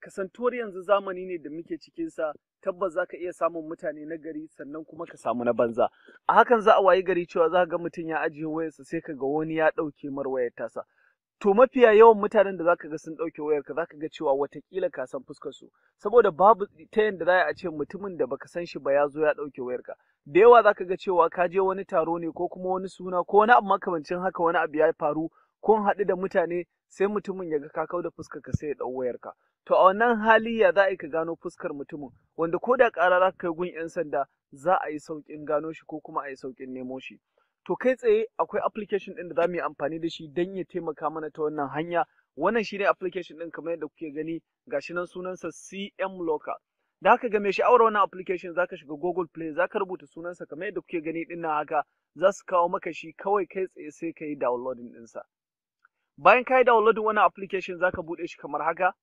kasantuwar yanzu zamani ne da muke cikinsa tabbas za ka iya samun mutane na gari sannan kuma ka samu na banza a hakan za a wayi gari cewa za ga mutum ya ajiye wayarsa sai ka ga wani ya ɗauke mar wayar tasa to mafiya yawan mutanen da zaka ga sun ɗauke wayar ka zaka ga cewa watakila ka san fuskar su saboda babu ta yanda za a ce mutumin da baka san shi ba ya zo ya ɗauke wayar ka da yawa zaka ga cewa ka je wani taro ne ko kuma wani suna ko wani abu makamancin haka wani abu ya faru kun haɗu da mutane sai mutumin ya ga kakau da fuskar ka sai ya ɗau ka To a wannan hali ya za a yi ka gano fuskar mutumin wanda ko da ƙara za ka kai gun 'yan sanda za a yi sauƙin gano shi ko kuma a yi sauƙin nemo shi. To kai tsaye akwai application ɗin da za mu yi amfani da shi don ya taimaka mana ta wannan hanya. Wannan shi ne application ɗin kamar yadda kuke gani gashi nan sunansa CM Locker. Da haka game mai sha'awar wannan application za ka shiga Google Play za ka rubuta sunansa kamar yadda kuke gani ɗin haka za su kawo maka shi kawai kai tsaye sai ka yi downloading ɗinsa. Bayan ka yi download wannan application zaka ka buɗe shi kamar haka.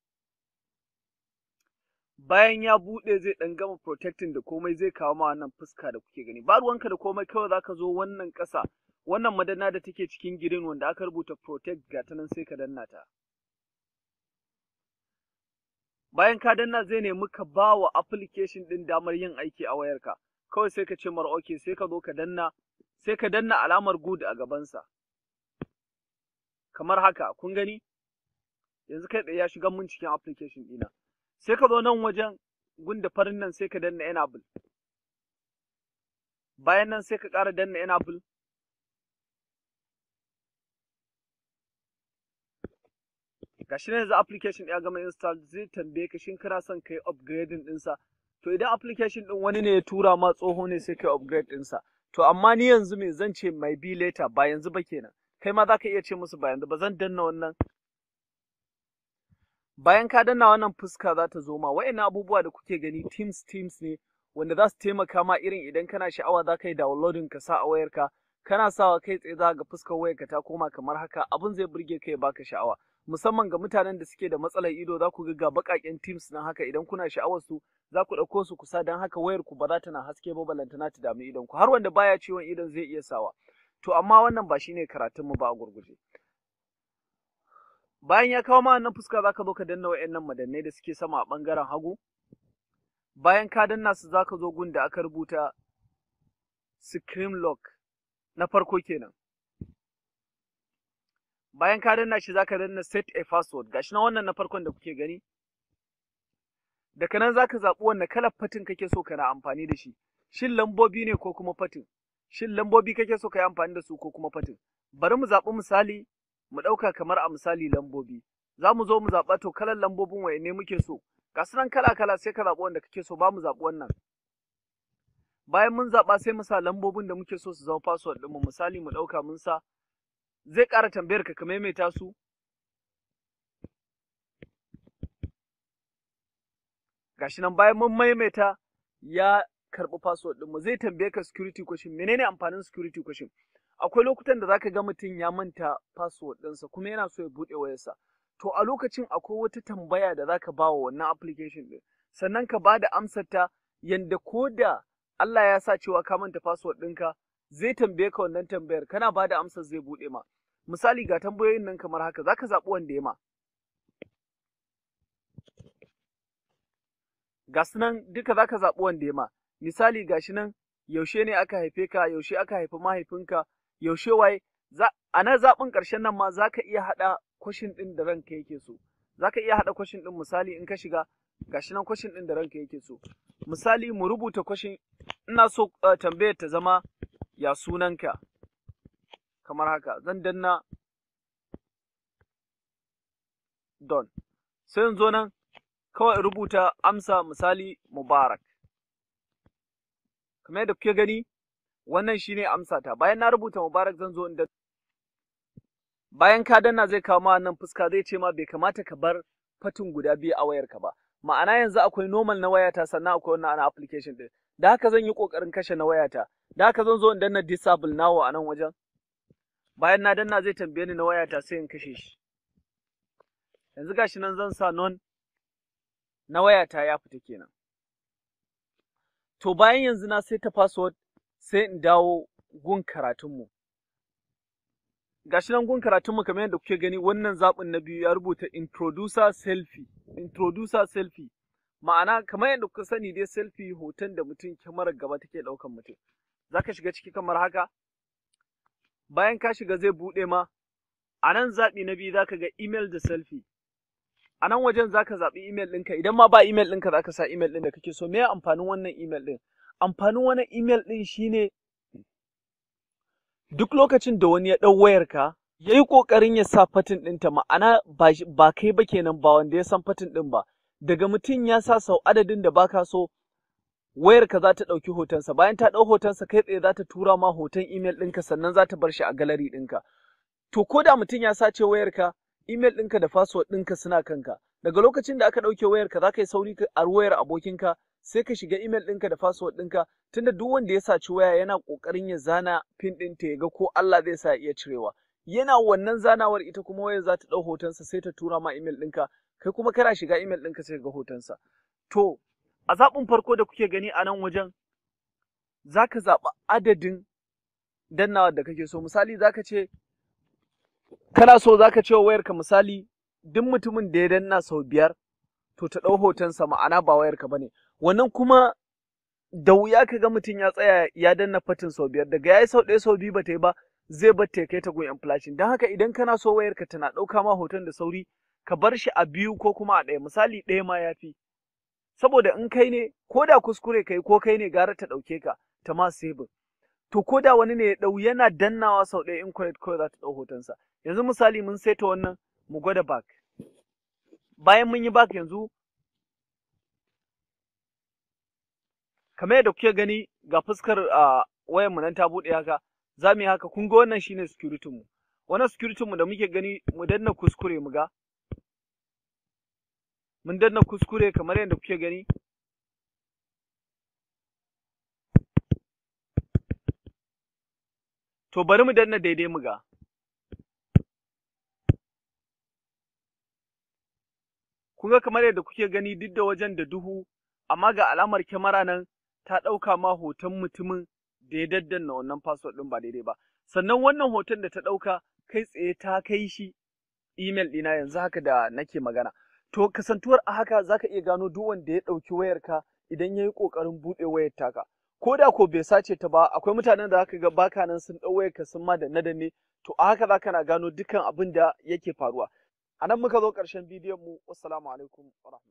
Bayan ya bude zai ɗan gama protecting da komai zai kawo ma wannan fuska da kuke gani. Ba ruwanka da komai kawai zaka zo wannan kasa wannan madana da take cikin girin wanda aka rubuta protect ga ta nan sai ka danna ta. Bayan ka danna zai nemi ka bawa wa application ɗin damar yin aiki a wayarka. Kawai sai ka ce mar okay sai ka zo ka danna, sai ka danna alamar good a gabansa. kamar haka kun gani yanzu kai ya shiga mun cikin application dina sai ka zo nan wajen gunda farin nan sai ka danna enable bayan nan sai ka ƙara danna enable gashi ne yanzu application ya gama install zai tambaye ka shin kana son kai upgrading ɗinsa to idan application ɗin wani ne ya tura ma tsoho ne sai kai upgrade ɗinsa to amma ni yanzu me zan ce mai bi later ba yanzu ba kenan kai ma za ka iya ce musu bayan da ba zan danna wannan bayan ka danna wannan fuska za ta zo ma wa'annan abubuwa da kuke gani teams teams ne wanda za su taimaka ma irin idan kana sha'awa za ka yi downloading ka sa a wayarka kana sawa kai tsaye za ga fuskar wayarka ta koma kamar haka abin zai burge ka ya baka sha'awa musamman ga mutanen da suke da matsalar ido za ku ga ga baƙaƙen teams na haka idan kuna sha'awar su za ku ɗauko su kusa don haka wayar ku ba za ta na haske ba balantana ta dami idan ku har wanda baya ciwon idon zai iya sawa To amma wannan ba shine karatun mu ba a gurguje. Bayan ya kawo ma fuska zaka zo ka danna wayannan madannai da suke sama a bangaren hagu. Bayan ka danna su zaka zo gun da aka rubuta scream lock na farko kenan. Bayan ka danna shi zaka danna set a password gashi na wannan na farkon da kuke gani. Daga nan zaka zaɓi wanne kalar fatin kake so kana amfani da shi. Shin lambobi ne ko kuma fatin? shin lambobi kake so ka yi amfani da su ko kuma fatin? Bari mu zaɓi misali, mu ɗauka kamar a misali lambobi. Za mu zo mu zaɓa to kalan lambobin wa ne muke so. Ga nan kala-kala sai ka zaɓi wanda kake so ba mu zaɓi wannan. Bayan mun zaɓa sai mu sa lambobin da muke so su zama password ɗinmu misali mu ɗauka mun sa. Zai ƙara tambayar ka ka maimaita su. Gashi nan bayan mun maimaita ya karɓi password ɗin mu zai tambaye ka security question menene amfanin security question akwai lokutan da zaka ga mutum ya manta password ɗinsa kuma yana so ya buɗe wayarsa to a lokacin akwai wata tambaya da zaka ba wa wannan application ɗin sannan ka ba da amsar ta yanda ko da Allah ya sa cewa ka manta password ɗinka zai tambaye ka wannan tambayar kana ba da amsar zai buɗe ma misali ga tambayoyin nan kamar haka zaka zaɓi wanda ya ma ga duka zaka zaɓi wanda ya ma misali gashi nan yaushe ne aka haife ka yaushe aka haifi mahaifinka yaushe waye a nan zaɓin ƙarshen nan ma za ka iya haɗa kwashin ɗin da ranka yake so za ka iya haɗa kwashin ɗin misali in ka shiga gashi nan kwashin ɗin da ranka yake so misali mu rubuta kwashin ina so eh, tambayar ta zama ya sunanka kamar haka zan danna don sai zo nan kawai rubuta amsa misali mubarak kamar yadda kuke gani wannan shine amsa ta bayan na rubuta mubarak zan zo inda bayan ka danna zai kawo ma nan fuska zai ce ma bai kamata ka bar fatin guda biyu a wayarka ba ma'ana yanzu akwai normal na wayata sannan akwai wannan ana application din da haka zan yi kokarin kashe na wayata da haka zan zo inda danna disable nawo a nan wajen bayan na danna zai tambaye ni na wayata sai in kashe shi yanzu gashi nan zan sa non na wayata ya fita kenan To bayan yanzu na sai ta password sai in dawo gun karatunmu. Gashi nan gun karatunmu kamar yadda kuke gani wannan zaɓin na biyu ya rubuta introducer selfie. Introducer selfie. Ma'ana kamar yadda kuka sani dai selfie hoton da mutum kyamarar gaba take ɗaukan mutum. Za ka shiga ciki kamar haka. Bayan ka shiga zai buɗe ma. A nan zaɓi na biyu za ka ga email da selfie. a nan wajen zaka zaɓi email ɗinka idan ma ba email ɗinka zaka sa email ɗin da kake so me amfanin wannan email ɗin amfanin wannan email ɗin shine duk lokacin da wani ya ɗau wayarka ya yi ƙoƙarin ya sa fatin ɗinta ma'ana ba kai ba kenan ba wanda ya san fatin ɗin ba daga mutum ya sa sau adadin da baka so wayarka za ta ɗauki hotonsa bayan ta ɗau hotonsa kai tsaye za ta tura ma hoton imel ɗinka sannan za ta bar shi a galeri ɗinka to ko da mutum ya sace wayar ka. email ɗinka da password ɗinka suna kanka daga lokacin da aka ɗauke ka za ka yi sauri a wayar abokinka sai ka shiga email ɗinka da password ɗinka tunda duk wanda ya saci waya yana kokarin ya zana pin ɗinta ya ga ko Allah zai sa iya cirewa yana wannan zanawar ita kuma wayar za ta ɗau hotonsa sai ta tura ma email ɗinka kai kuma kana shiga email ɗinka sai ga hotonsa to a zaɓin farko da kuke gani a nan wajen za ka zaɓi adadin dannawar da kake so misali za ka ce kana so zaka ce wa wayarka misali duk mutumin da ya danna sau biyar to ta ɗau hotonsa ma'ana ba wayarka ba ne, wannan kuma da wuya ka ga mutum ya tsaya ya danna fatin sau biyar daga ya yi sau ɗaya sau biyu ba ta yi ba zai bar ta kai ta gun yan don haka idan kana so wayarka tana ɗauka ma hoton da sauri ka bar shi a biyu ko kuma a ɗaya misali ɗaya ma ya fi saboda in kai ne ko da kuskure kai ko kai ne gara ta ɗauke ka ta ma sebin to ko da wani ne ya ɗau yana dannawa sau ɗaya in kwanet kawai za ta ɗau hotonsa yanzu misali mun saita wannan mu gwada bak. bayan mun yi back yanzu kamar yadda kuke gani ga fuskar a wayan mu nan ta buɗe haka za mu yi haka kun ga wannan shine security mu wannan security mu da muke gani mu danna kuskure mu ga mun danna kuskure kamar yadda kuke gani To bari mu danna daidai mu ga. Kun ga kamar yadda kuke gani duk da wajen da duhu, amma ga alamar kyamara nan ta ɗauka ma hoton mutumin da ya daddanna wannan password ɗin ba daidai ba. Sannan wannan hoton da ta ɗauka kai tsaye ta kai shi email ɗina yanzu haka da nake magana. To kasantuwar a haka za ka iya gano duk wanda ya ɗauki wayarka idan ya yi ƙoƙarin buɗe wayar taka. ko da ko bai sace ta ba akwai mutanen da zaka ga baka nan sun dau ka sun ma da ne to a haka zaka na gano dukkan abin da yake faruwa anan muka zo ƙarshen bidiyon mu assalamu alaikum wa